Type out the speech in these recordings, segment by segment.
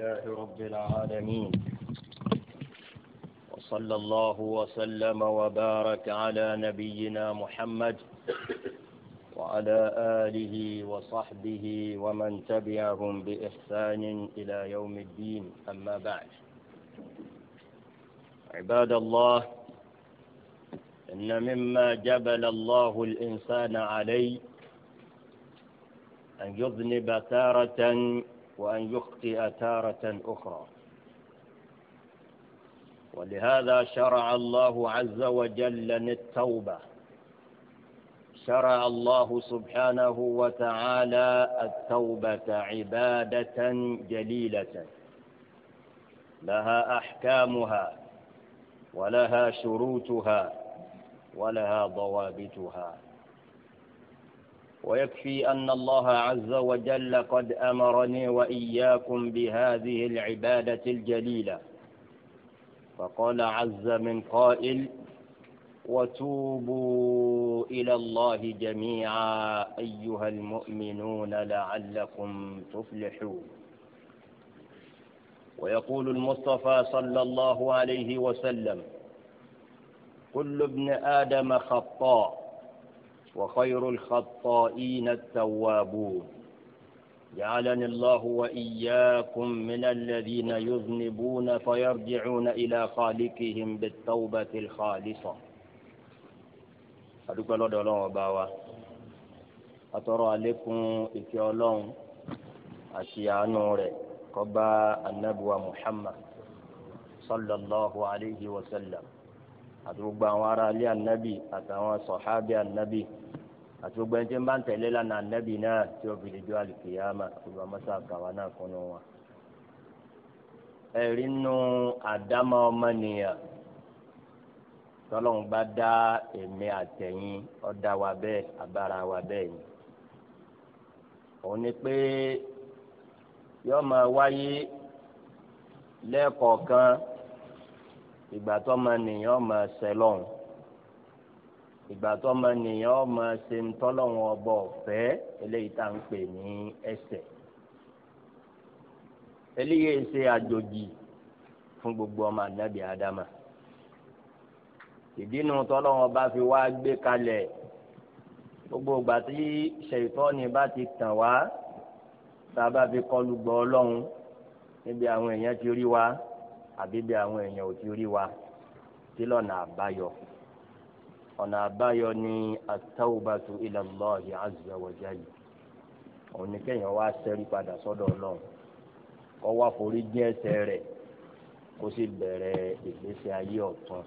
لله رب العالمين وصلى الله وسلم وبارك على نبينا محمد وعلى آله وصحبه ومن تبعهم بإحسان إلى يوم الدين أما بعد عباد الله إن مما جبل الله الإنسان عليه أن يذنب تارة وأن يخطئ تارة أخرى ولهذا شرع الله عز وجل التوبة شرع الله سبحانه وتعالى التوبة عبادة جليلة لها أحكامها ولها شروطها ولها ضوابطها ويكفي أن الله عز وجل قد أمرني وإياكم بهذه العبادة الجليلة فقال عز من قائل وتوبوا إلى الله جميعا أيها المؤمنون لعلكم تفلحون ويقول المصطفى صلى الله عليه وسلم كل ابن آدم خطاء وخير الخطائين التوابون جعلني الله وإياكم من الذين يذنبون فيرجعون إلى خالقهم بالتوبة الخالصة adúpẹ́ lọ́dọ̀ ọlọ́run ọba wa atọ́rọ̀ àlékún ìkẹ́ ọlọ́run àti àánú rẹ̀ kó bá anabuwa muhammad sallallahu alayhi wa sallam àti gbogbo àwọn ará ilé ànábì àtàwọn sọ̀hábì ànábì àti gbogbo ẹni tí ń bá ń tẹ̀lé lánàá ànábì náà tí ó fi lè jọ àlùkìyàmà gbogbo amọ́sá àkàwà náà kún un wa. ẹ̀rí nu àdámọ́ ọmọnìyàn tọ́lọ́hún bá dá èmi àtẹ̀yìn ọ̀dá wa bẹ́ẹ̀ abára wa bẹ́ẹ̀ ni. òun ni pé yọ́ọ́ máa wáyé lẹ́ẹ̀kọ̀ọ̀kan ìgbà tó ma nìyẹn ọmọ ẹsẹ lọ́hùn ìgbà tó ma nìyẹn ọmọ ẹsẹ ńtọ́lọ́hùn ọbọ̀ ọ̀fẹ́ eléyìí tá à ń pè ní ẹsẹ̀ eléyìí ṣe àjòjì fún gbogbo ọmọ ànábì ádámà ìdínú tọ́lọ́wọ́n bá fi wá gbé kalẹ̀ gbogbo ìgbà tí ṣèyítọ́ni bá ti tàn wá tá a bá fi kọlu gbọ́ ọlọ́run níbi àwọn èèyàn ti rí wa àbí bí àwọn èèyàn ò ti rí wa kí lọ́nà àbáyọ ọ̀nà àbáyọ ni at-tawbatu ila Allahi azza wa jalla òun ni kéèyàn wá sẹ́rí padà sọ́dọ̀ Ọlọ́run kó wá forí jìn ẹ̀ṣẹ̀ rẹ̀ kó sì bẹ̀rẹ̀ ìgbésí ayé ọ̀tun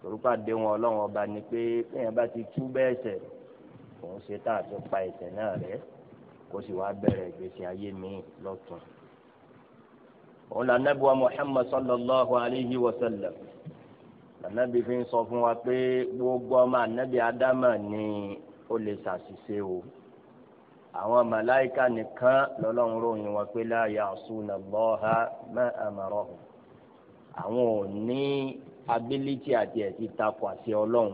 torúkọ àdéhùn Ọlọ́run ọba ni pé kéèyàn bá ti tú bẹ́ẹ̀ ṣẹ̀ òun ṣe tá àti pa ẹ̀ṣẹ̀ náà rẹ̀ kó sì wá bẹ̀rẹ̀ ìgbésí ayé míì lọ́tun òun là nàbí wa Muhammad sallallahu alayhi wa sallam ànábì fi ń sọ fún wa pé gbogbo ọmọ ànábì ádámà ni ó lè ṣàṣìṣe o àwọn màláìka nìkan lọ́lọ́run ròyìn wọn pé la ya'suna Allaha ma amarahum àwọn ò ní ability àti ẹ̀sìn takò àti ọlọ́run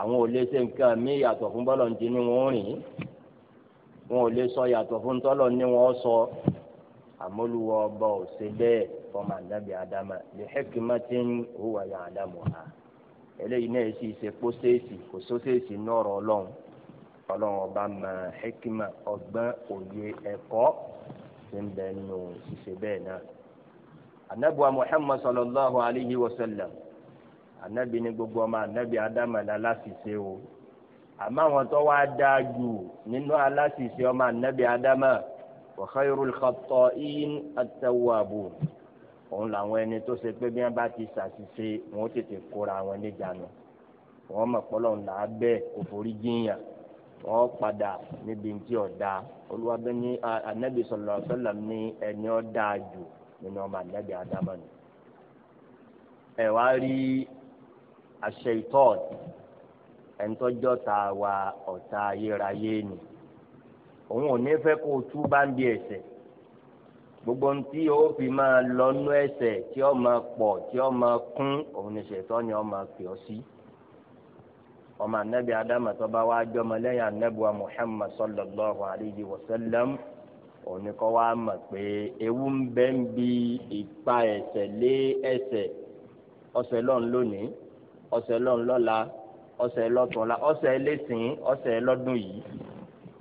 àwọn ò lè ṣe nǹkan mí yàtọ̀ fún bọ́lọ̀ ní ti ní wọ́n rìn wọn ò lè sọ yàtọ̀ fún tọ́lọ̀ ní wọ́n sọ. So àmọ́lùwọ́ ọba ò ṣe bẹ́ẹ̀ fọmọ ànábì ádámà lè hẹ́kìmá tí ń hùwà yà ádámù ha eléyìí náà sì ṣe pósẹ́ẹ̀sì kò sóṣẹ́ẹ̀sì nọ́ọ̀rọ̀ ọlọ́run ọlọ́run ọba mọ hẹ́kìmá ọgbọ́n òye ẹ̀kọ́ tí ń bẹ nù ṣiṣẹ́ bẹ́ẹ̀ náà. ànábì wa muhammad sallallahu alayhi wa sallam ànábì ni gbogbo ọmọ ànábì ádámà la láṣìṣe o àmọ́ àwọn tó wá dáa jù nínú aláṣìṣe ọmọ ànábì ádámà وخير الخطائين التوابون òun làwọn ẹni tó ṣe pé bí wọn bá ti ṣàṣìṣe wọn ó tètè kóra àwọn níjànú wọn mọ pọlọ ńlá bẹ́ẹ̀ kò forí jiyàn wọn padà níbi tí ọdá olùwàbẹ ní anabi sọlọ sọlọ ní ẹni ọdá jù nínú ọmọ anabi adamani ẹ wá rí àṣẹ ìtọ́ọ̀dì ẹ̀ńtọ́jọ́ ta wa ọ̀tá ayérayé ni òun ò ní fẹ́ kó o tú bá ń bi ẹ̀ṣẹ̀ gbogbo ohun tí o fi máa lọ nú ẹ̀ṣẹ̀ tí o máa pọ̀ tí o máa kún òun ní ṣètọ́ ni o máa pè ọ́ sí ọmọ anabi adama tó bá wàá jọmọ lẹ́yìn anabiwa muhammad sallallahu alayhi wa sallam òun ni kó wá mọ̀ pé ewu ń bẹ ń bi ìpa ẹ̀ṣẹ̀ lé ẹ̀ṣẹ̀ ọ̀sẹ̀ lọ́n lónìí ọ̀sẹ̀ lọ́n lọ́la ọ̀sẹ̀ lọ́tùnla ọ̀sẹ̀ lẹ́sìn ọ̀sẹ̀ lọ́dún yìí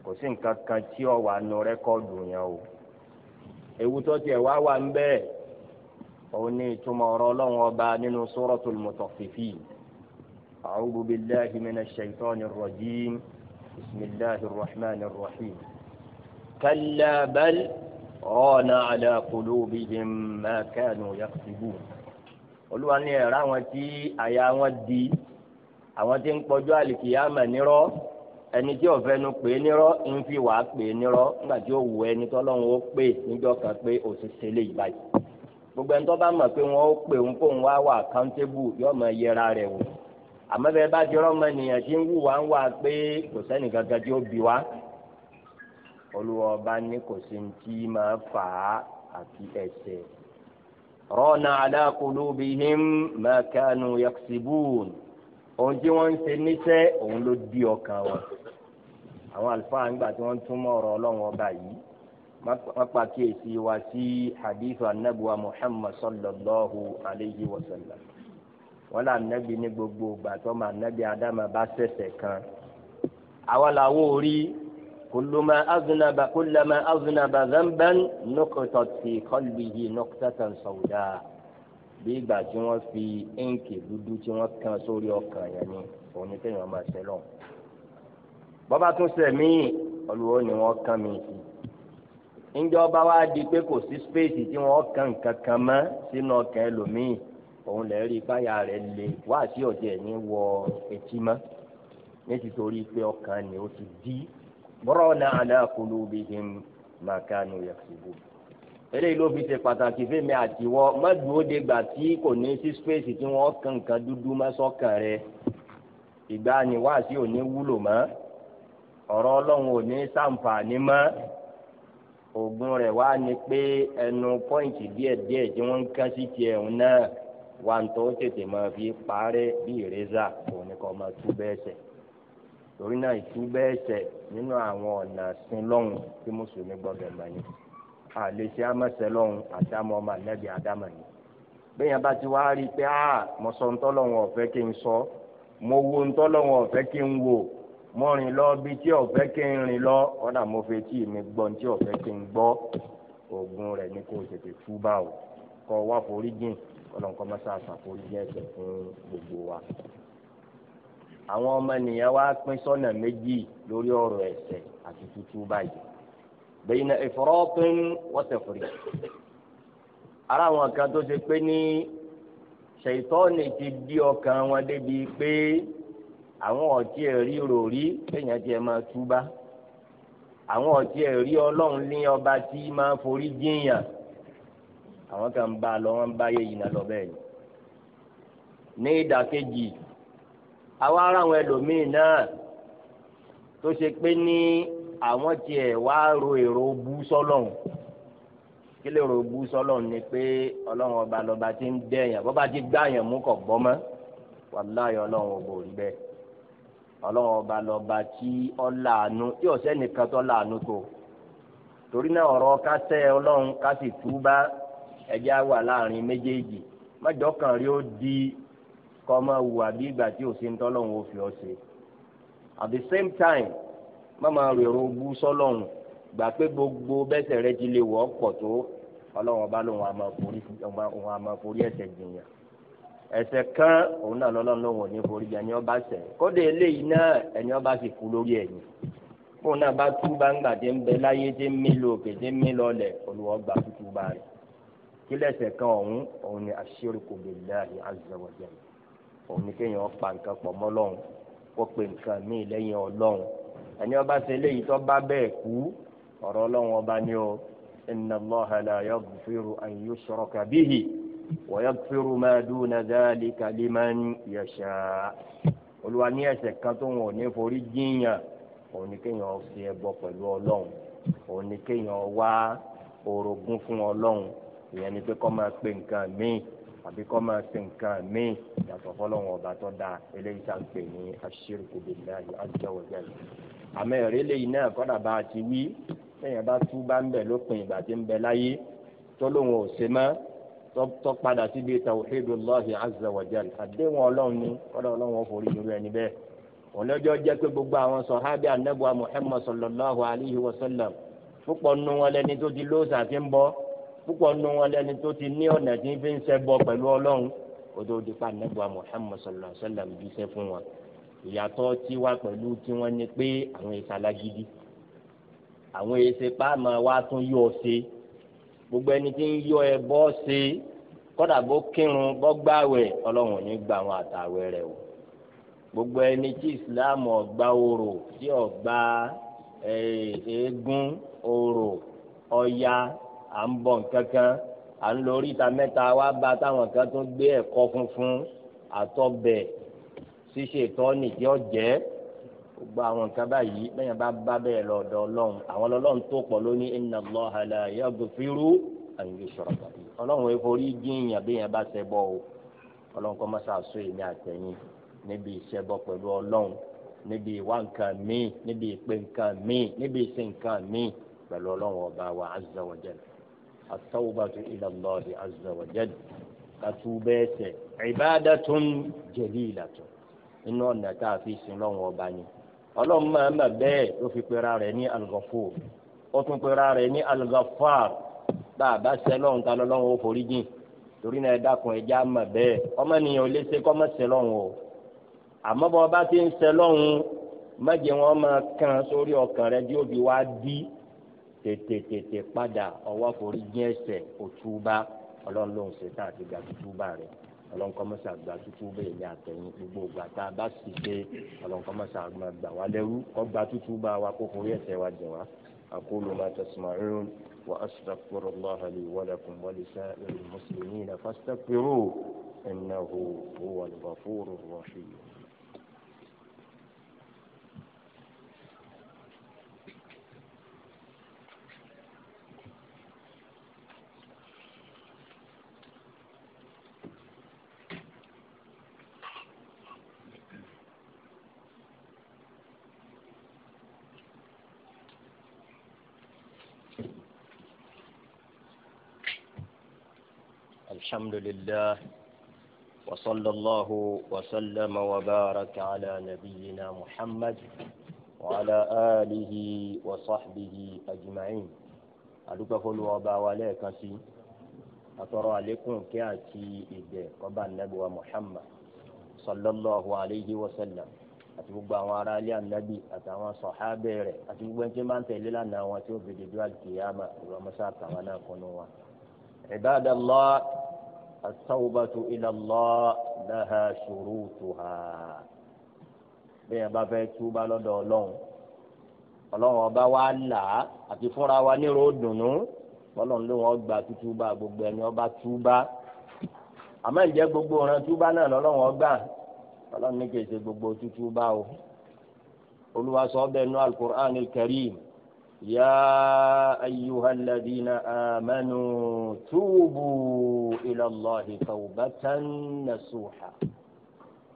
kò sí nǹkan kan tí ó wà nù rẹ́kọ́ọ̀dù yẹn o ewu tó tiẹ̀ wá wà ń bẹ́ẹ̀ òun ní ìtumọ̀ ọ̀rọ̀ ọlọ́run ọba nínú suratul mutaffifin a'udhu billahi minash shaitanir rajim bismillahir rahmanir rahim kalla bal rana ala qulubihim ma kanu yaktubun olúwa ní ẹ̀rọ àwọn tí àyà wọn di àwọn tí ń pọ̀jù àlìkìyàmà nírọ́. ẹni tí ọ̀fẹ́ nu pè é nírọ́ ń fi wàá pè é nírọ́ nígbà tí ó wù ẹni tọ́lọ́run ó pè níjọ́ kan pé òṣìṣẹ́ lè yìí gbogbo ẹni tó bá mọ̀ pé wọ́n ó pè òun wá wà accountable yóò mọ yẹra rẹ̀ wò bá ohun tí wọ́n ń ṣe níṣẹ́ òun ló di ọkàn wọn àwọn àlùfáà ńgbà tí wọ́n túmọ̀ ọ̀rọ̀ ọlọ́run ọba yìí wọ́n pàkíyèsí wa sí hadith anabuwa muhammad sallallahu alayhi wa sallam wọ́n là nẹ́bi ní gbogbo gbàtọ́ mà nẹ́bi adama bá ṣẹ̀ṣẹ̀ kan àwa làwọn orí kùlùmá azunaba kùlùmá azunaba zanban nukutat fi nukutatan sawda bí ìgbà tí wọ́n fi íǹkì dúdú tí wọ́n kan sórí ọkàn yẹn ni òun ni kéèyàn máa ṣe lọ. bọ́bá tún ṣe míì olùwọ́ ni wọ́n kàn mí sí. ǹjọ́ bá wa di pé kò sí spéèsì tí wọ́n kàn kankan mọ́ sínú ọkàn ẹlòmíì òun lè rí báyà rẹ̀ le wá sí ọ̀jẹ̀ ní wọ etí mọ́ nítorí pé ọkàn ni ó ti di bọ́rọ̀ náà ala qulubihim ma kanu yaksibu eléyìí ló fi ṣe pàtàkì fèmí àtiwọ́ má de gbà tí kò ní sí space tí wọ́n kàn nǹkan dúdú má sọ́kàn rẹ ìgbà ni wáàsí ò ní wúlò mọ́ ọ̀rọ̀ ọlọ́run ò ní sàǹfààní mọ́ oògùn rẹ̀ wá ni pé ẹnu pọ́ìntì díẹ̀díẹ̀ tí wọ́n ń kán sí tiẹ̀ ń náà wà ń tó tètè máa fi parẹ́ bí ìrẹ́sà òun ni kò máa tú bẹ́ẹ̀ sẹ̀ torí náà ìtú bẹ́ẹ̀ sẹ̀ nínú àwọn ọ̀nà sin lọ́hùn tí mùsùlùmí gbọ́dọ̀ mọ̀ ni àlèṣe amẹ́sẹ̀lọ́hún àdámọ́ ọmọ ànábì àdámọ́ ni bẹ́ẹ̀yàn bá ti wá rí i pé a mọ̀ sọ ntọ́lọ́hún ọ̀fẹ́ kí n sọ mo wo ntọ́lọ́hún ọ̀fẹ́ kí n wò mo rìn lọ bí tí ọ̀fẹ́ kí n rìn lọ ọ̀dà mo fẹ́ tí mi gbọ́ tí ọ̀fẹ́ kí n gbọ́ oògùn rẹ̀ ni kò tètè tú bá o kọ́ wá foríjìn ọlọ́nkọ́ mọ́sá àforíjìn ẹ̀ṣẹ̀ fún gbogbo wa. àwọn ọmọ ènìyàn wá pín sọ́nà méjì lórí ọ̀rọ̀ ẹ̀ṣẹ̀ àti tútú báyìí bẹ̀yìn ìfọ̀rọ̀pin wọ́tẹ̀fọ̀rì. ara àwọn kan tó ṣe pé ní ṣètọ́ni ti di ọkàn wọn débi pé àwọn ọ̀tí ẹ̀rí ròrí kéèyàn tiẹ̀ máa túbá àwọn ọ̀tí ẹ̀rí ọlọ́run ní ọba tí máa forí jiyàn àwọn kan bá a lọ wọn bá yẹ yìí lọ bẹ́ẹ̀ ni. ní ìdàkejì àwa ara àwọn ẹlòmíín náà tó ṣe pé ní àwọn tiẹ̀ wá ro èrò bú sọ́lọ́hún kí lè bú sọ́lọ́hún ni pé ọlọ́run ọba lọ́ba ti ń dẹ̀yàn bọ́ba ti gbàyàn mú kọ̀ bọ́ mọ́ wàláyọ̀ ọlọ́run ò rí bẹ́ẹ̀ ọlọ́run ọba lọ́ba tí ó láàánú tí ọ̀sẹ́ nìkan tó láàánú tó torí náà ọ̀rọ̀ kásẹ̀ ọlọ́run ká túbá ẹ̀jẹ̀ wà láàrin méjèèjì mọ́jọ́ kan rí ó di kọ́ wù àbí ìgbà tí òsèǹtọ́ ọlọ́run ò fi ọ́ ṣe at the same time má máa rèrò bú sọ́lọ́run gbà pé gbogbo bẹ́sẹ̀ rẹ ti lè wọ́ pọ̀ tó ọlọ́run ọba lòun àmà forí òun àmà forí ẹ̀ṣẹ̀ jìyàn ẹ̀ṣẹ̀ kan òun náà lọ́lọ́run lòun ò ní forí jẹ ẹni ọba ṣẹ̀ kódé eléyìí náà ẹni ọba sì kú lórí ẹ̀yìn fóun náà bá tú bá ń gbàdé ń bẹ láyé dé mí lò kéde mí lọlẹ̀ olùwọ́ gba tútù bá rẹ̀ kí lẹ́ṣẹ̀ kan ọ̀hún òun ni aṣiriku billahi azza wa jalla òun ni kéèyàn pa nǹkan pọ̀ mọ́ Ọlọ́run kó pe nǹkan míì lẹ́yìn Ọlọ́run ẹni ọba ṣe léyìí tó bá bẹ́ẹ̀ kú ọ̀rọ̀ ọlọ́run ọba ni o inna Allaha la yaghfiru an yushraka bihi wa yaghfiru ma duna dhalika liman yasha olúwa ní ẹ̀ṣẹ̀ kan tó wọn ò ní forí jiyàn òun ni kéèyàn fi ẹbọ pẹ̀lú ọlọ́run òun ni kéèyàn wá orogún fún ọlọ́run ìyẹn ni pé kó máa pe nǹkan míì àbí kó máa pe nǹkan míì yàtọ̀ fọlọ́run ọba tó dáa eléyìí tá à ń pè ní aṣírí kùdìláyà azza wa àmọ́ ẹ̀rẹ́ lẹ́yìn náà kọ́dà bá a ti wí lẹ́yìn bá tú bá ń bẹ̀ lópin ìgbà tí ń bẹ láyé tó lóun ò ṣe mọ́ tó padà síbi tawhidullahi azza wa jalla àdéhùn ọlọ́run ni kọ́dà ọlọ́run ò forí irú ẹni bẹ́ẹ̀ ònàjọ́ jẹ́ pé gbogbo àwọn sọ̀hábì anábùa muhammad sallallahu alayhi wa sallam púpọ̀ nu wọn lẹni tó ti lóòsà ti ń bọ́ púpọ̀ nu wọn lẹni tó ti ní ọ̀nà tí ń fi ń ṣẹ́ bọ́ pẹ̀lú ọlọ́run kó tó di pa anábùa muhammad sallallahu alayhi wa sallam jíṣẹ́ fún wọn ìyàtọ̀ tí wá pẹ̀lú tí wọ́n ní pé àwọn ìsàlágídí àwọn èsè páàmà wa tún yọ ṣe gbogbo ẹni tí ń yọ ẹ bọ́ ṣe kọ́dà bó kírun bọ́ gbàwẹ̀ ọlọ́run ní gba àwọn àtàwẹ̀ rẹ̀ o gbogbo ẹni tí islam ọgbà orò tí ọgbà eégún orò ọya à ń bọ̀ nkankan à ń lórí ìta mẹ́ta wá bá táwọn kan tó gbé ẹ̀kọ́ funfun àtọ̀bẹ̀ ṣíṣe ìtọ́ni tí ó jẹ́ gbogbo àwọn nǹkan báyìí bẹ́ẹ̀ bá bá bẹ́ẹ̀ lọ́dọ̀ ọlọ́run àwọn ọlọ́run tó pọ̀ lónìí inna Allaha la yaghfiru an yushraka bihi ọlọ́run eforí jíìyàn bí yẹn bá ṣẹbọ o ọlọ́run kọ́ mọ́sá sọ èmi àtẹ̀yìn níbi ìṣẹbọ pẹ̀lú ọlọ́run níbi ìwà nǹkan míì níbi ìpè nǹkan míì níbi ìṣe nǹkan míì pẹ̀lú ọlọ́run ọba wa azza inú ọ̀nà tá a fi sin lọ́wọ́n ọba ni ọlọ́run máa ma bẹ́ẹ̀ ló fi pera rẹ̀ ní al ó tún pera rẹ̀ ní al bá a bá ṣẹ̀ lọ́run ta lọ́wọ́n ó jìn torí náà ẹ dákun ẹ ma bẹ́ẹ̀ ọmọnìyàn ò lè ṣe kọ́ o àmọ́ ọba ti ń ṣẹ̀ lọ́run wọn máa kàn sórí ọkàn ọlọ́nkọ́mọ́sá gba tútú bẹ́ẹ̀ ní àtẹ̀yìn gbogbo ògbà tá a bá sì ṣe ọlọ́nkọ́mọ́sá máa gbà wá lẹ́rú kọ́ gba tútú bá wa kó forí ẹ̀ṣẹ̀ wa jẹ̀ wá. أقول ما تسمعون وأستغفر الله لي ولكم ولسائر المسلمين فاستغفروه إنه هو الغفور الرحيم الحمد لله وصلى الله وسلم وبارك على نبينا محمد وعلى آله وصحبه أجمعين adúpẹ́ fún ọba wa lẹ́ẹ̀kan sí àtọrọ àlékún kí àti ìgbẹ́ kọ́ba nàbí wa muhammad sallallahu alayhi wa sallam àti gbogbo àwọn ará ilé ànábì àtàwọn sọ̀hábẹ́ rẹ̀ àti gbogbo ẹni tí máa ń tẹ̀lé lánàá wọn tí ó fi dèjọ́ àlùkìyàmà ìrọ̀mọ́sá àtàwọn náà kọ́nu wa. ibadallah àtàwùbàtú إلى الله لها شروطها. hà bẹ́ẹ̀ yẹn bá fẹ́ túbà lọ́dọ̀ ọlọ́run ọlọ́run ọba wa là á àti fúnra wa nírò dùnú ọlọ́run ló wọn gba túbà gbogbo ẹni ọba túbà àmọ́ ìjẹ́ gbogbo ọ̀ràn túbà náà lọ́lọ́run ọgbà ọlọ́run ní kèsè gbogbo túbà o olùwàsó ọbẹ̀ nù alukur'an karim. يا أيها الذين آمنوا توبوا إلى الله توبة نصوحا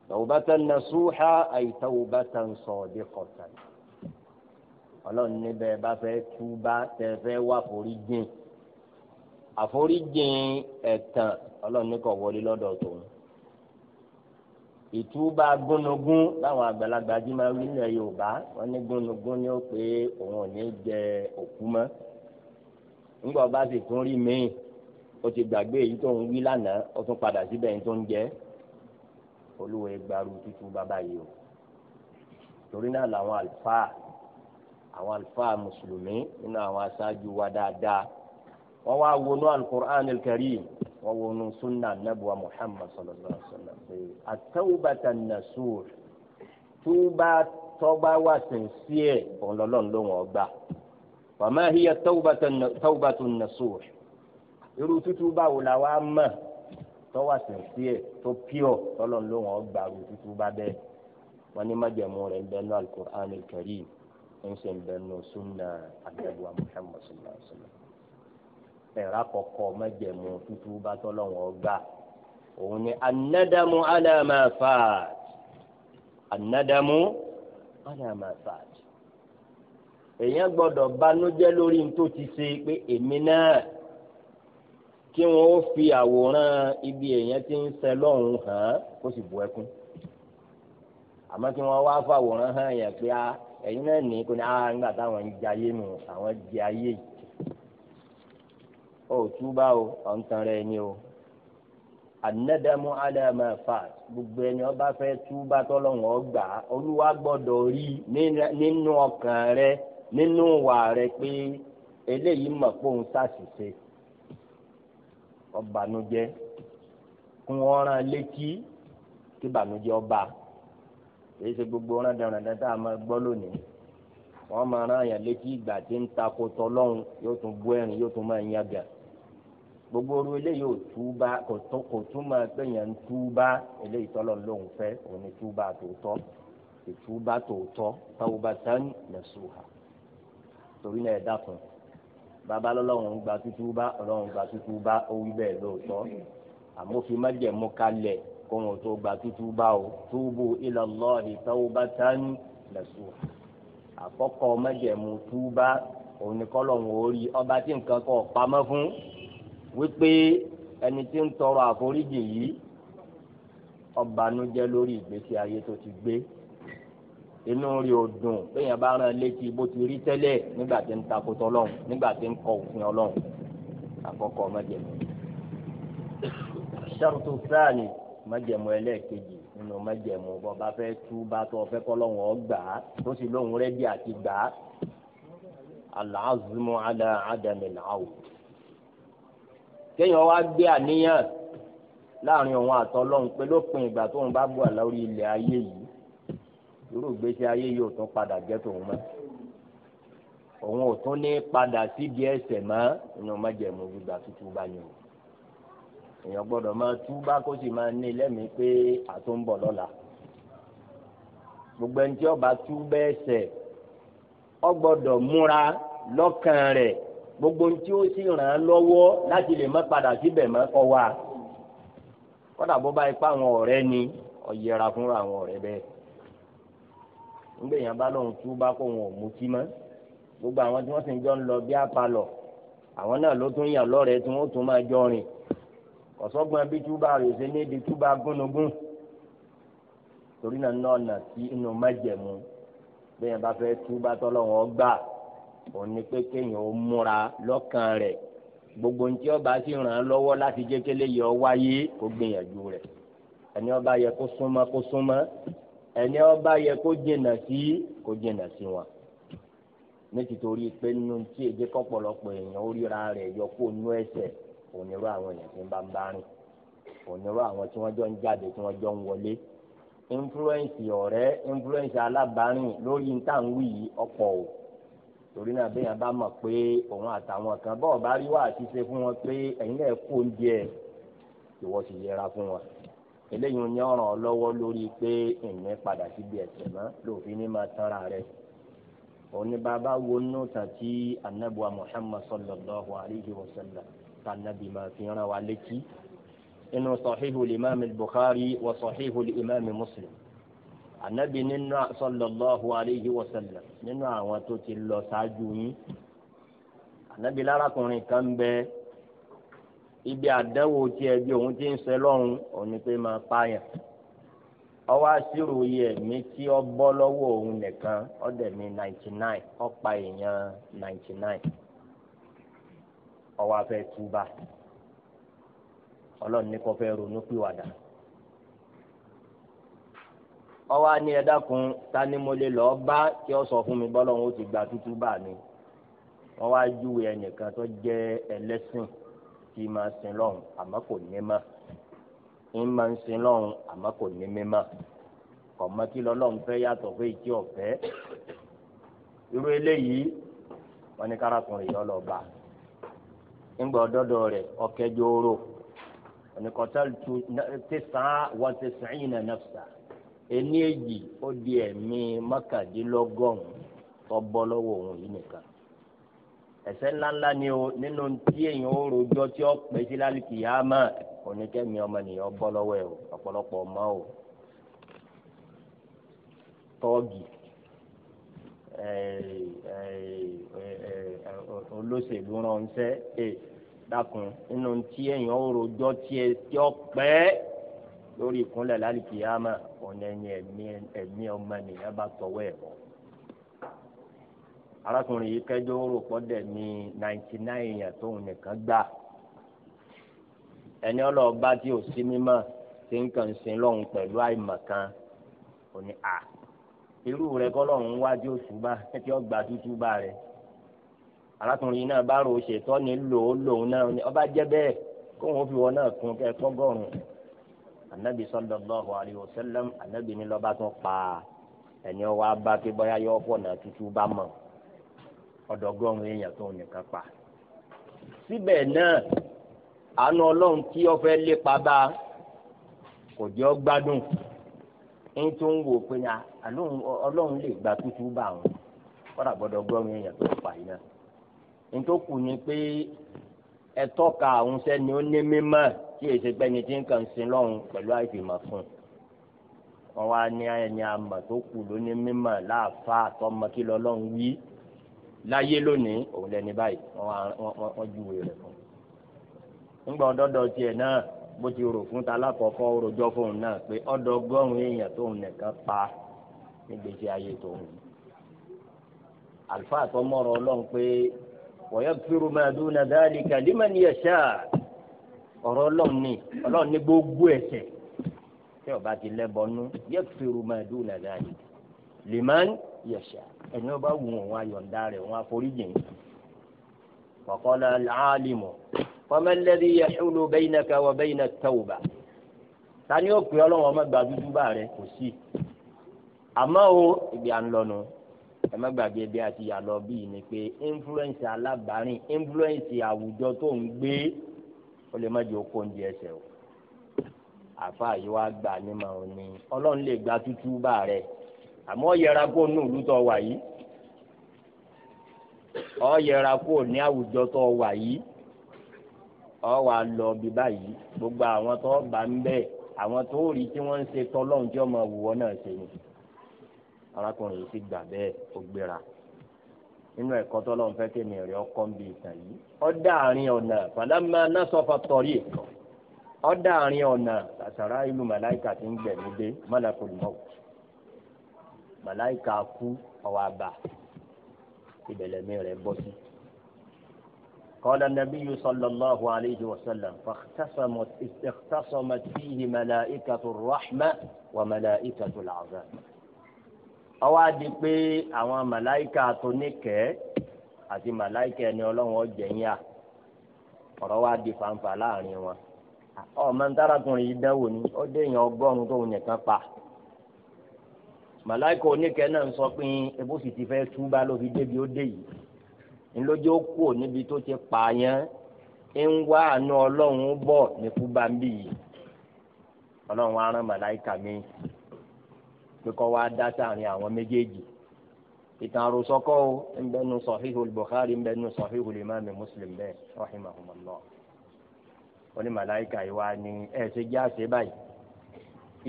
توبة نصوحا أي توبة صادقة Ọlọ́run níbẹ̀ bá fẹ́ túbá tẹ́ fẹ́ wá foríjìn àforíjìn ẹ̀tàn Ọlọ́run ní kò wọlé lọ́dọ̀ tòun ìtúbà gúnugún láwọn àgbàlagbà jí máa wí nílẹ̀ yorùbá wọn ní gúnugún ni ó pé òun ò ní jẹ òkú mọ́ ńgbà ọba sì tún rí míì ó ti gbàgbé èyí tó ń wí lánàá ó tún padà síbẹ̀ ní tó ń jẹ́ olúwo egbaru tútù bàbá yìí o torí náà làwọn àlùfáà àwọn àlùfáà mùsùlùmí nínú àwọn aṣáájú wa dáadáa wọ́n wá wọnú alukur'an karim wọ́n wọnú sunna anabuwa muhammad sallallahu alaihi wa sallam pé àtẹwùbàtà nasur túbà tọ́ba wà sẹ̀nsì ẹ̀ ọ̀lọ́lọ́n ló wọ́n gbà wàmà hiya tẹ́wùbàtà nasur irú tútù báwo la wàá mọ̀ tọ́wà sẹ̀nsì ẹ̀ tó pure tọ́lọ́n ló wọ́n gbà irú tútù bá bẹ́ẹ̀ wọ́n ní májẹ̀mú rẹ̀ ń bẹ́ẹ̀ alukur'an karim ń sẹ̀ ń bẹ́ẹ̀ sunna anabuwa muhammad sallallahu alaihi wa sallam ẹ̀rá kọ̀kọ́ mẹ́jẹ̀mú tútù bá tọ́lọ́wọ́n gbà òun ni anadamu alamafat anadamu alamafat èèyàn gbọ́dọ̀ banújẹ́ lórí tó ti ṣe pé èmi náà kí wọn ó fi àwòrán ibi èèyàn ti ń ṣe lọ́hùn hàn án kó sì bu ẹkún àmọ́ kí wọ́n wá fàwòrán hàn yẹn pé ah, ẹ̀yin náà ní kò ní àgbà ah, táwọn ń jayé nù àwọn jẹ ayé yìí ó túbà o ọ̀ ń ni o fa gbogbo ẹni ọba fẹ́ túbà tọlọ́run ọgbà olúwa gbọ́dọ̀ rí nínú ọkàn rẹ nínú wà rẹ pé eléyìí mọ̀ pé òun ṣàṣìṣe kún ọràn létí kí ọba èyí ṣe gbogbo ọràn dandan a máa gbọ́ lónìí wọ́n máa rán àyàn létí ìgbà tí ń takò yóò tún bú yóò tún máa gbogbo oru eléyìí ò túbà kò túmọ̀ pé yẹn ń túbà eléyìí tọ́lọ̀ lóun fẹ́ òun ni túbà tòótọ́ ìtúbà tòótọ́ tawbatan nasuha torí náà ẹ̀ dákun bàbá lọ́lọ́run gba tútúbà ọlọ́run gba tútúbà ó wí bẹ́ẹ̀ lóòótọ́ àmófin májẹ̀mú kalẹ̀ kó wọn tó gba tútúbà o túbù ila Allahi tawbatan nasuha àkọ́kọ́ májẹ̀mú túbà òun ni kọ́lọ́run ó rí ọba tí nǹkan kọ́ pamọ́ fún wípé ẹni tí ń tọrọ àforíjì yìí ọbànújẹ́ lórí ìgbésí ayé tó ti gbé inú rí o dùn bẹ́ẹ̀ bá rán létí bó ti rí tẹ́lẹ̀ nígbà tí ń takotọ́ ọlọ́run nígbà tí ń kọ òfin ọlọ́run àkọ́kọ́ májẹ̀mú ṣàrùtù sáàni májẹ̀mú ẹlẹ́ẹ̀kejì nínú májẹ̀mú bọ́ba fẹ́ tú bá tó ọfẹ́ kọ́lọ́hún ọgbà tó sì lóhun rẹ́dí àti gbà á al-azmu ala kéèyàn wá gbé àníyàn láàrin òun àtọlọ́hún pé lópin ìgbà tóun bá gbọ́ lórí ilẹ̀ ayé yìí irú ìgbésí ayé yóò tún padà jẹ́ tòun mọ́ òun ò tún ní padà síbi ẹsẹ̀ mọ́ inú májẹ̀mú gbígbà tútù bá yẹn o èèyàn gbọ́dọ̀ máa túbá kó sì máa ní lẹ́mìí pé àtúnbọ̀ lọ́la gbogbo ẹni tí ó bá túbẹ̀ ẹsẹ̀ ó gbọ́dọ̀ múra lọ́kàn rẹ̀ gbogbo ní tí ó sì ràn án lọ́wọ́ láti lè má padà síbẹ̀ mọ́ kọ́ wa kọ́dà bó bá ipá àwọn ọ̀rẹ́ ni ọ̀yẹ̀ra fúnra àwọn ọ̀rẹ́ bẹ́ẹ̀ nígbà èèyàn bá lóun tú bá kó wọn ò mutí mọ́ gbogbo àwọn tí wọ́n sì ń jọ ń lọ bí apalọ̀ àwọn náà ló tún yàn lọ́rẹ̀ẹ́ tí wọ́n tún máa jọ rìn ọ̀sọ́gbọ́n bí túbà rèé ṣe ní di túbà gúnugún torí náà náà nà sí inú májẹ̀mú bẹ́ẹ̀ bá fẹ́ túbà tọ́lọ́wọ́n gbà òun ni pé kéèyàn ó múra lọ́kàn rẹ̀ gbogbo ntí ọba sì ràn án lọ́wọ́ láti jẹ́ kí eléyìí ó wáyé kó gbìyànjú rẹ̀ ẹni ọba yẹ kó súnmọ́ kó súnmọ́ ọba yẹ kó jìnà sí kó jìnà sí wọn ní tìtorí pé nínú tí èdè kọ́pọ̀lọpọ̀ èèyàn ríra rẹ̀ yọ kó nú ẹsẹ̀ àwọn èèyàn tí ń jọ ń jáde jọ ń wọlé influence ọ̀rẹ́ influence alábàárìn lórí torí náà bẹ́ẹ̀ yẹn bá mọ̀ pé òun àtàwọn kan bọ́ọ̀ bá rí wá àti ṣe fún wọn pé ẹ̀yin náà kó oúnjẹ ìwọ sì yẹra fún wọn eléyìí ń yọràn ọ lọ́wọ́ lórí pé ìní padà síbi ẹ̀sẹ̀ mọ́ lòfin ní máa tanra rẹ̀ òní bàbá wo nùtà tí anabuwa Muhammad sallallahu alayhi wa sallam máa fi ràn wá létí inú sahihu limami Bukhari wa sahihu limami Muslim ànábì nínú sallallahu alayhi wa sallam nínú àwọn tó ti lọ ṣáájú yín ànábì lárakùnrin kan bẹ ibi àdánwò tí ẹbí òun ti ń ṣe lọ́run òun ni pé máa pààyàn ọwọ́ àṣírò yẹ mi tí ọ bọ́ lọ́wọ́ òun nìkan ọ̀dẹ̀ mi ninety nine ó pa èèyàn ninety nine ọwọ́ afẹ́ túbà ọlọ́run ní kò ronú pìwàdà ọwọ́ á ẹ̀dá kun ta ni mo lè lọ bá tí ó sọ fún mi bọ́lọ̀ wọn ó ti gba tútú bá mi wọ́n wá júwe ẹnìkan tó jẹ́ ẹlẹ́sìn tí máa sin lọ́hùn àmọ́ kò ní mọ́ ń máa ń sin lọ́hùn àmọ́ kò ní mímọ́ ọmọ kí lọ́lọ́run fẹ́ yàtọ̀ fún ìtí ọ̀fẹ́ irú eléyìí wọ́n ní kárakùnrin yọ lọ bá ńgbà ọdọdọ rẹ̀ ọkẹjọ oró oníkọtà tẹsán wọn tẹsán yìí nà nàfṣà ẹni èjì ó di ẹ̀mí mọ́kàndínlọ́gọ́rùn-ún tó bọ́ lọ́wọ́ òun yìí nìkan ẹ̀ṣẹ̀ ńláńlá ni o nínú tí èèyàn ó rojọ́ tí ó pè sí lálùkì yá mà oníkẹ́mi ọmọnìyàn bọ́ lọ́wọ́ ẹ̀ o ọ̀pọ̀lọpọ̀ ọmọ o tọ́ọ̀gì olóṣèlú ránṣẹ́ dákun nínú tí èèyàn ó rojọ́ tí ó pẹ́ lórí ìkúnlẹ̀ lálùkì yá mà. ọ̀nẹ́ni ẹ̀mí ọmọ ènìyàn bá tọwọ́ ẹ̀ bọ̀. arákùnrin yìí kẹjọ rò pọ̀ dẹ̀ ní náìtì náì yẹn tóun nìkan gbà ẹni ọlọ́ọ̀bá tí ò sí mímọ́ tí ń kàn sin lọ́hùn pẹ̀lú àìmọ̀ kan ò ní à irú rẹ kọ́lọ́hún rẹ arákùnrin yìí náà bá rò ṣètọ́ ní lòó ọba jẹ́ bẹ́ẹ̀ kóun fi wọn náà kún anabi sallallahu alayhi wa sallam anabi ni lọ́ba tún pa ẹni ọwọ́ ba pé bọ́yá yọ ọ́ náà tútù bá mọ̀ ọ̀dọ́gọ́rùn-ún èèyàn tó nìkan pa síbẹ̀ náà àánú ọlọ́run tí ó fẹ́ lépa bá a kò jẹ́ ọ gbádùn ń tó ń wò pé ọlọ́run lè gba tútù bá àwọn kọ́dà gbọ́dọ̀ gbọ́rùn èèyàn tó pa yìí náà ń kù ni pé ẹ tọ́ka àwọn sẹ́ni ó ní mímọ́ tí èsì pẹ́ni tí ń kàn sin lọ́hùn pẹ̀lú àìfìmọ̀ fún wọn wá ní ẹni àmọ̀ tó kù lóní mímọ̀ láàfa àtọmọ kí lọ́lọ́hún wí láyé lónìí òun lẹni báyìí wọn júwe rẹ̀ fún un ńgbà ọdọdọ tiẹ̀ náà bó ti rò fún ta lákọ̀ọ́kọ́ rojọ́ fóun náà pé ọ̀dọ̀ ọgọ́rùn-ún èèyàn tóun nìkan pa nígbèsè ayé tóun àlùfáà tó mọ̀rọ̀ ọlọ́run pé wọ́n yẹ kúrú ọ̀rọ̀ ọlọ́run ni ọlọ́run ní gbogbo ẹ̀ṣẹ̀ tí ọba ti lẹ́bọ̀ nú yẹ fèrò máa dùn nàdá yìí lèmán yẹ̀ṣà ẹni ọba wù wọn ayọ̀ǹda rẹ̀ wọn àforíjì kọ̀kọ́lá alimọ̀ fọmẹ́lẹ́dí yẹ̀ṣúlù bẹ́yìnàkà wọ bẹ́yìnà tẹ̀wọ̀bà tani ó pè ọlọ́run ọmọ gba dúdú bá rẹ kò sí àmọ́ o ibi à ń lọ́nu ẹ má gbàgbé bí a ti yà lọ bíi ni pé influence alábàárìn influence àwùjọ tó ń gbé ó lè má jẹ okó oúnjẹ ẹsẹ̀ o àfa yìí wá gbà nímọ̀ ò ní ọlọ́run lè gba tútú bá rẹ̀ àmọ́ yẹra kó nù lútọ̀ wà yìí ọ yẹra kó ní àwùjọ tó wà yìí ọ wà lọ bí báyìí gbogbo àwọn tó bá ń bẹ àwọn tó rí tí wọ́n ń ṣe tọ́lọ́run tí ọmọ òwúwọ́ náà ṣe ni arákùnrin yìí ti gbà bẹ́ẹ̀ ó gbéra nínú ẹ̀kọ́ tó lọ́n fẹ́ kémi rẹ̀ ọkọ́ ń ìtàn yìí. ọ̀dà àárín ọ̀nà fàlámà násọ̀fà tọ̀rí ẹ̀kọ́ ọ̀dà àárín ọ̀nà àṣàrà ìlú màláìkà ti ń gbẹ̀mí dé mọ́làkùn mọ́ọ̀ màláìkà kú ọ̀wà bà ìbẹ̀lẹ̀ mi rẹ̀ bọ́ sí. قال النبي صلى الله عليه وسلم فاختصمت فيه ملائكة الرحمة وملائكة العذاب ó wá di pé àwọn màláìka tó níkẹ́ àti màláìka ẹni ọlọ́run ọ̀jẹ̀yìn à ọ̀rọ̀ wá di fanfa láàrin wọn ọmọ ntarakùnrin yìí dánwò ni ó déèyàn ọgọ́rùn-ún tóun nìkan pa màláìka oníkẹ́ náà ń sọ pé ebó sì ti fẹ́ túbá ló fi débi ó dé yìí níbi tó ti ń wá àánú ọlọ́run pé kọ́ wá dá sáàrin àwọn méjèèjì ìtàn àròsọ kọ́ ó ń bẹnu sọ̀híhù Bukhari ń bẹnu sọ̀híhù Imami Muslim bẹ́ẹ̀ rahimahumullah oní màláìka yìí wá ní ẹ̀ ṣe jẹ́ àṣẹ báyìí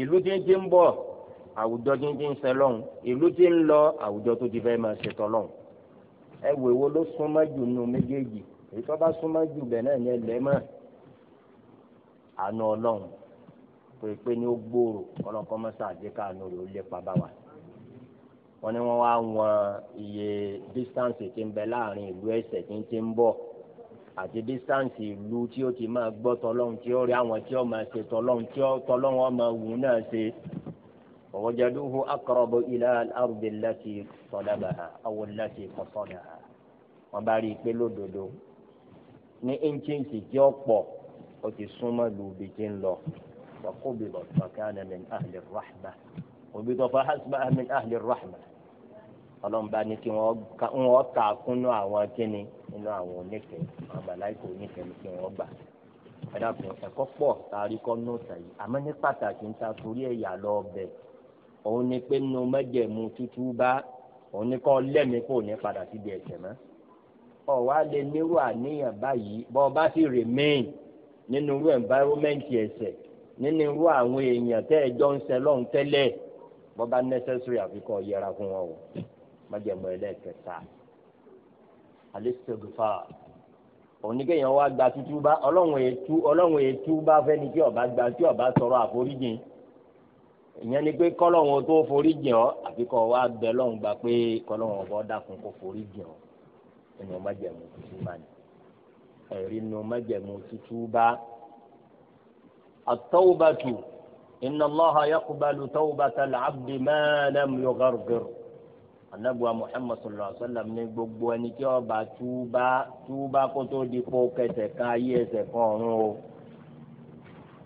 ìlú tí ń ti ń bọ̀ àwùjọ tí ń ti ń ṣe lọ́hùn ìlú tí ń lọ àwùjọ tó ti fẹ́ máa ṣe tọ́ lọ́hùn ẹ wò èwo ló súnmọ́ jù nù méjèèjì èyí tó bá súnmọ́ jù bẹ́ẹ̀ náà ni ẹ lẹ́ẹ̀ mọ́ àánú ọlọ́run pé pé ní ó gbòòrò kọlọkọ mọsá àdéká àánú rẹ ó lépa bá wa wọn ní wọn wá wọn iye distance ti ń bẹ láàrin ìlú ẹsẹ tí ń ti ń bọ̀ àti distance ìlú tí ó ti máa gbọ́ tọlọ́hún tí ó rí àwọn tí ó máa ṣe tọlọ́hún tí ó ọmọ wù náà ṣe ọ̀wọ́jàdúhù akọ̀rọ̀bù láti sọ̀dàbà àwọn láti kọ̀sọ̀dà wọn bá rí i pé lódodo ní íńtíǹsì tí ó pọ̀ ó ti súnmọ́ lu ibi tí ń lọ. فقبضت فكان من أهل الرحمة قبض فحسبها من أهل الرحمة ọlọ́run bá ní kí wọ́n kà kúnú àwọn kíni nínú àwọn onífẹ̀ẹ́ àwọn màláìkò onífẹ̀ẹ́ ní kí wọ́n gbà. ẹ̀dàkùn ẹ̀kọ́ pọ̀ tààrí kọ́ nọ́ọ̀tà yìí àmọ́ ní pàtàkì ń ta torí ẹ̀yà lọ bẹ̀ òun ni pé nínú mẹ́jẹ̀mú tútú bá òun ni kọ́ lẹ́mìí kò ní padà síbi ẹ̀ṣẹ̀ mọ́. ọ̀wá lè nírú àníyàn báyìí bọ́ ọ bá sì remain nínú irú environment ẹ̀ṣẹ̀ nínú irú àwọn èèyàn tẹ́ ẹ jọ ń ṣe lọ́hùn tẹ́lẹ̀ bọ́ bá necessary àfikọ́ yẹra fún wọn o májẹ̀mú ẹlẹ́ẹ̀kẹta alẹ́sẹ̀gùfà oníkéèyàn wá gba tútú bá ọlọ́run ètú ọlọ́run ètú bá fẹ́ni tí ọba gba tí ọba sọ̀rọ̀ àforíjìn ìyẹn ni pé kọ́lọ́run tó foríjìn ọ́ àfikọ́ wa bẹ lọ́hùn gba pé kọ́lọ́run ọba dákun kó foríjìn ọ́ ẹnu májẹ̀mú tútú bá ní ẹ̀rí nu bá التوبة إن الله يقبل توبة العبد ما لم يغرغر anabu wa muhammad sallallahu alaihi wa sallam ní gbogbo ẹni tí ó bá túbá túbá kó tó di kó kẹsẹ̀ kan ayé ẹsẹ̀ kan ọ̀run o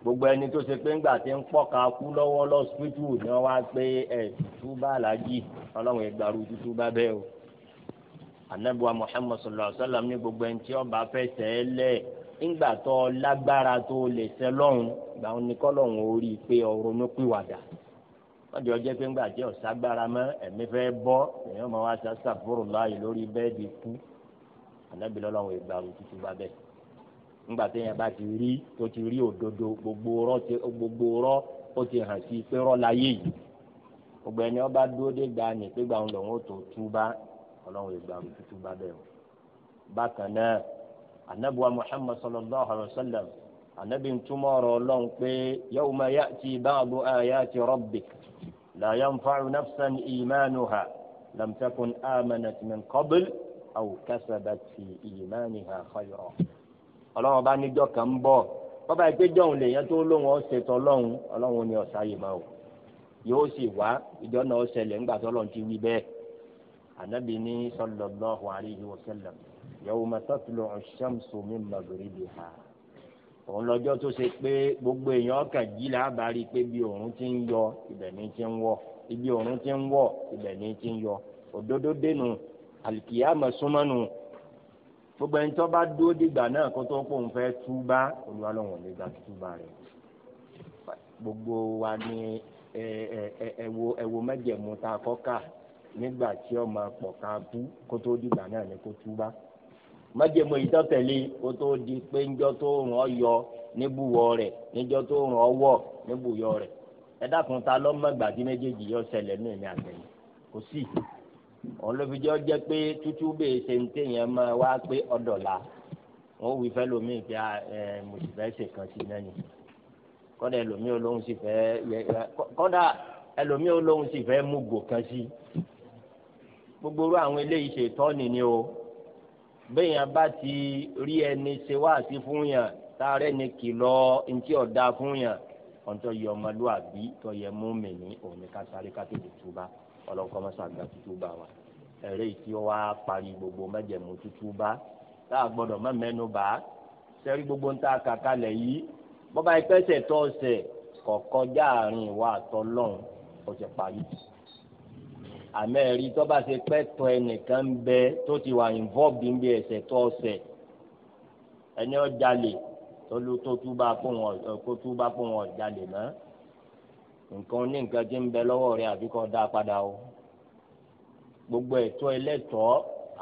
gbogbo ẹni tó ṣe pé ńgbà tí ń pọ̀ka kú lọ́wọ́ lọ́sítítù ni wọ́n wá pé ẹ̀ túbá làájì ọlọ́run ìgbàrú túbá bẹ́ẹ̀ o anabu wa muhammad sallallahu alaihi wa sallam ní gbogbo ẹni tí ó bá fẹsẹ̀ lẹ̀ ńgbà tó lágbára tó lè ṣe lọ́hùn gbà wọn ni kọ́ lọ́hùn ó pé ọ̀rọ̀ ló pìwàdà wọ́n jọ pé ńgbà tí ọ̀ságbára mọ́ ẹ̀mí fẹ́ bọ́ èèyàn máa wá láàyè lórí bẹ́ẹ̀dì kú ànábì lọ́lọ́hùn ti rí tó ti rí gbogbo rọ́ ó ti hàn sí pé rọ́ láyé yìí gbogbo ẹni gba ni pé gbà wọn tó túbá ọlọ́run tuntun o bákan náà anabuwa muhammad sallallahu alayhi wa sallam anabi ntuma ọ̀rọ̀ Ọlọ́run pé yawma ya'ti ba'du ayati rabbik la yanfa'u nafsan imanuha lam takun amanat min qabl aw kasabat fi imaniha khayra Ọlọ́run bá níjọ́ kan bọ̀ bọ́bá ìgbẹ́jọ́ òun lèèyàn tó lóun ọ̀sẹ̀tọ̀ ọlọ́run ọlọ́run ni ọ̀sá yìí máa o yóò sì wá ìjọ náà ṣẹlẹ̀ tó lọ́n ti wí bẹ́ẹ̀ ànábì ní sallallahu alayhi wa sallam yawma tatlu'u shamsu min maghribiha òun lọ́jọ́ tó ṣe pé gbogbo èèyàn kàn jí lábàárí pé bí òun ti ń yọ ibẹ̀ ni ti ń wọ̀ ibi òun ti ń wọ̀ ibẹ̀ ni ti ń yọ òdodo dénú àlìkìyàmọ̀ súnmọ́nù gbogbo ẹni tó bá dúró dìgbà náà kó tó kóun fẹ́ túbá olúwa lọ́wọ́n lè gba túbá rẹ̀ gbogbo wa ni ẹwo ẹwo mẹ́jẹ̀mú ta kọ́ka nígbà tí ọmọ pọ̀ ká bú kó tó dìgbà náà ni kó túbá májèmọ ìtọ́tẹ̀lé kó tó di pé ńjọ́ tó ràn ọ́ yọ níbùwọ̀ rẹ̀ níjọ́ tó ràn ọ́ wọ̀ níbùyọ rẹ̀ ẹ dákun ta lọ́mọgbà tí méjèèjì yọ ṣẹlẹ̀ ní ìní àtẹ̀yìn kò sí òun ló fi jọ́ jẹ́ pé tútú bèè ṣe ń téèyàn máa wá pé ọ̀dọ̀la wọn ò wí fẹ́ lómi ìfẹ́ ẹ mo sì fẹ́ ṣèkan sí náà kọ́dà ẹlòmí olóhùn sì fẹ́ kọ́dà ẹlòmí olóhùn sì fẹ́ mú bẹ́ẹ̀yàn bá ti rí ẹni ṣe wáàsí fún yàn táàrẹ́ ni kìlọ̀ ntí ọ̀dà fún yàn ọ̀ntọ́ yẹ ọmọlúwàbí tó yẹ múmi ní òní ká sáré ká tètè ọlọ́kọ́ mọ́sá gba tútúbà wa ẹ̀rẹ́ tí ó wá parí gbogbo mẹ́jẹ̀mú tútúbà tá a gbọ́dọ̀ má mẹ́nu bá sẹ́rí gbogbo ń ta kàkálẹ̀ yìí bọ́ba ìpẹ́sẹ̀ tọ́ ọ̀sẹ̀ kọ̀ọ̀kọ́ jáàrin ìwà àtọ́lọ́run ó ti parí àmẹ́rí tó bá ṣe pẹ́ tọ́ ẹnìkan ń bẹ tó ti wà involved ń bí ẹsẹ̀ tó ọ̀sẹ̀ ẹni ọ̀jalè tọ́lú tó túbà kó wọn ọ̀jalè mọ́ nǹkan ní nǹkan tí ń bẹ lọ́wọ́ rẹ̀ àbí kó dá padà o gbogbo ẹ̀tọ́ ẹlẹ́tọ́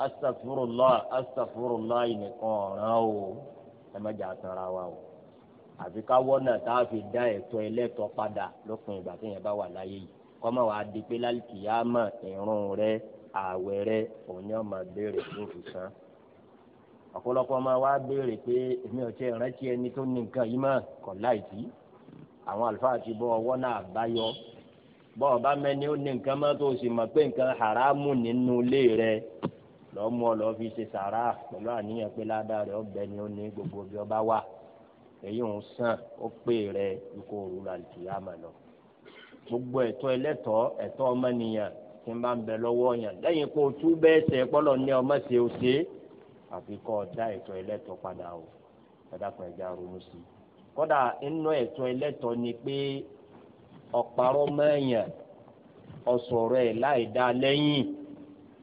astaghfirullah astaghfirullah ìnìkan ọ̀ràn o ẹ má jà tanra wa o àfi ká wọ́nà tá a fi dá ẹ̀tọ́ ẹlẹ́tọ́ padà lópin ìgbà téèyàn bá wà láyé yìí kọ́mọ wàá di pé lálùkìyàmà ìrun rẹ ààwẹ̀ rẹ òní ọmọ béèrè fún ìsàn ọ̀pọ̀lọpọ̀ ọmọ wa béèrè pé èmi ò tiẹ̀ rántí ẹni tó ní nǹkan yìí mọ̀ kọ̀ láìsí àwọn àlùfáà ti bọ́ ọwọ́ náà báyọ̀ bọ́ ọba mẹ́ni ó ní nǹkan mọ́ tó sì mọ̀ pé nǹkan haramu nínú ilé rẹ lọ́ọ́ mú ọ lọ́ọ́ fi ṣe sàrà pẹ̀lú àníyàn pé ládàá rẹ ọbẹ̀ ni ó ní gbogbo bí ọba wà èyí ń sàn ó pè rẹ ikú òru làlùkìyàmà lọ gbogbo ẹ̀tọ́ ẹlẹ́tọ́ ẹ̀tọ́ ọmọnìyàn tí ń bá ń bẹ lọ́wọ́ yàn lẹ́yìn kó o tú bẹ́ẹ̀ sẹ́ pọ́lọ̀ ní ọmọ ṣe o ṣe àfi kọ́ ọ dá ẹ̀tọ́ padà o ẹ̀dàkùn ẹ̀já ronú sí i kódà inú ẹ̀tọ́ ẹlẹ́tọ́ ni pé ọ̀parọ́ mẹ́yàn ọ̀sọ̀rọ̀ ẹ̀ láì dá lẹ́yìn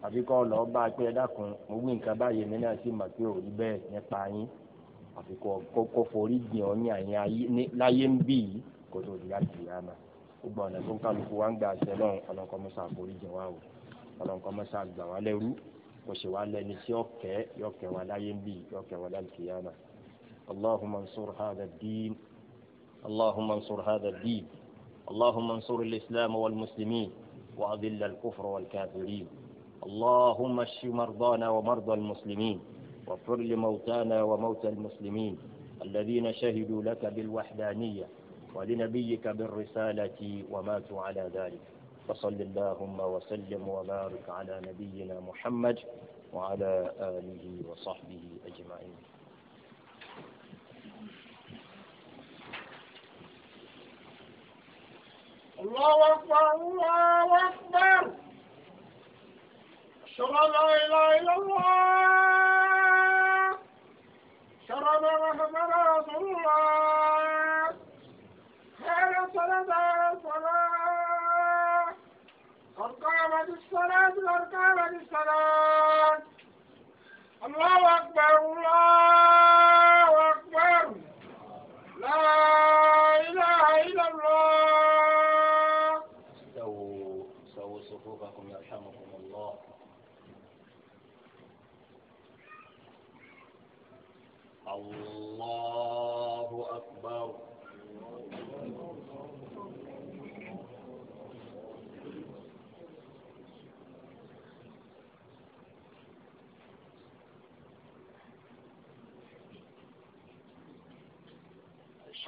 àfi kọ́ ọ lọ bá a pé ẹ̀dàkùn mo wí nǹkan báyìí mi náà sì mà pé òrí bẹ́ẹ̀ nípa yín àfi kọ́ ọ kọ́kọ́ forí gbìyànjú àyín láyé ń bì yìí kó tó di láti yá náà. gbogbo ọ̀nà tó ń kálukú wá ń gbà àṣẹ lọ́run ọlọ́nkọ́ mọ́sá àforíjì wa o ọlọ́nkọ́ mọ́sá àgbà wá lẹ́rú kò sì wá lẹ́ni tí ọ̀kẹ́ yọ̀kẹ́ wa láyé ń bì yọ̀kẹ́ wa lálùkìyàmà اللهم انصر هذا الدين اللهم انصر هذا الدين اللهم انصر الإسلام والمسلمين وأذل الكفر والكافرين اللهم اشف مرضانا ومرضى المسلمين واغفر لموتانا وموتى المسلمين الذين شهدوا لك بالوحدانية ولنبيك بالرسالة وماتوا على ذلك فصل اللهم وسلم وبارك على نبينا محمد وعلى آله وصحبه أجمعين الله أكبر الله أكبر أشهد أن لا إله إلا الله أشهد أن محمدا رسول الله الصلاة والأركان للصلاة الله أكبر الله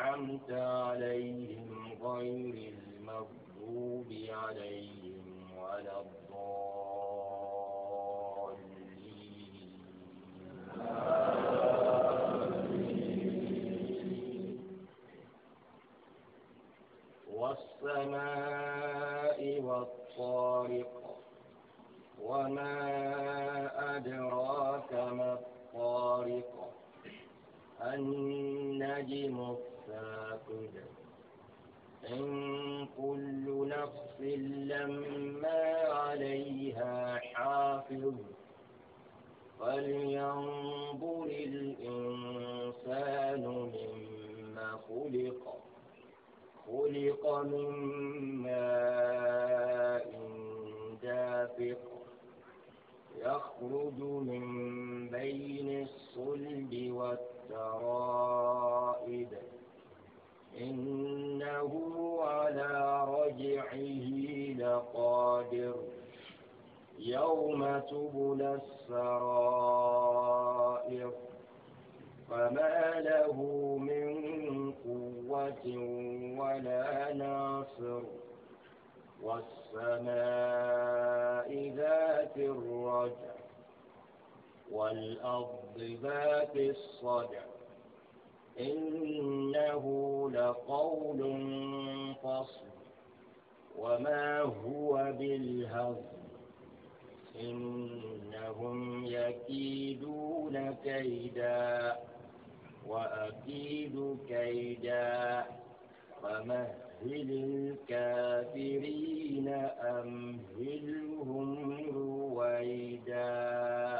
أنعمت عليهم غير المغضوب عليهم ولا الضالين والسماء والطارق وما أدراك ما الطارق النجم الطارق توجد إن كل نفس لما عليها حافظ فلينظر الإنسان مما خلق خلق من ماء دافق يخرج من بين الصلب والترائب إنه على رجعه لقادر يوم تبلى السرائر فما له من قوة ولا ناصر والسماء ذات الرجع والأرض ذات الصدع إنه لقول فصل وما هو بالهضم إنهم يكيدون كيدا وأكيد كيدا فمهل الكافرين أمهلهم رويدا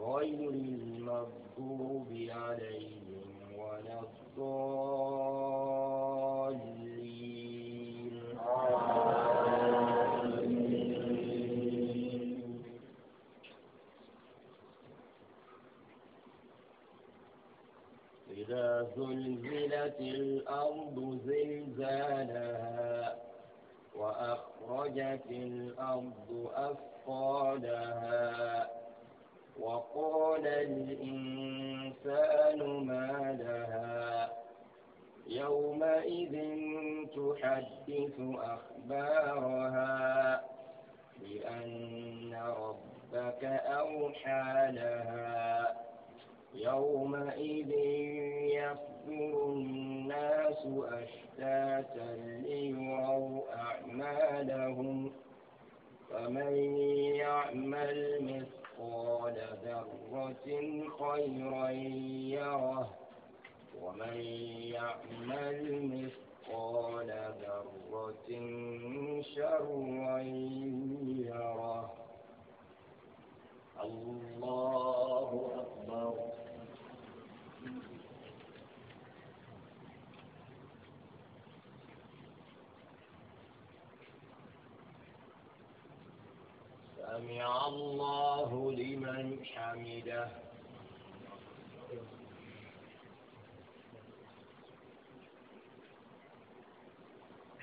غير المغضوب عليهم ولا الضالين إذا زلزلت الأرض زلزالها وأخرجت الأرض أثقالها وقال الإنسان ما لها يومئذ تحدث أخبارها بأن ربك أوحى لها يومئذ يصدر الناس أشتاتا ليروا أعمالهم فمن يعمل مثل مثقال ذرة خيرا يره ومن يعمل مثقال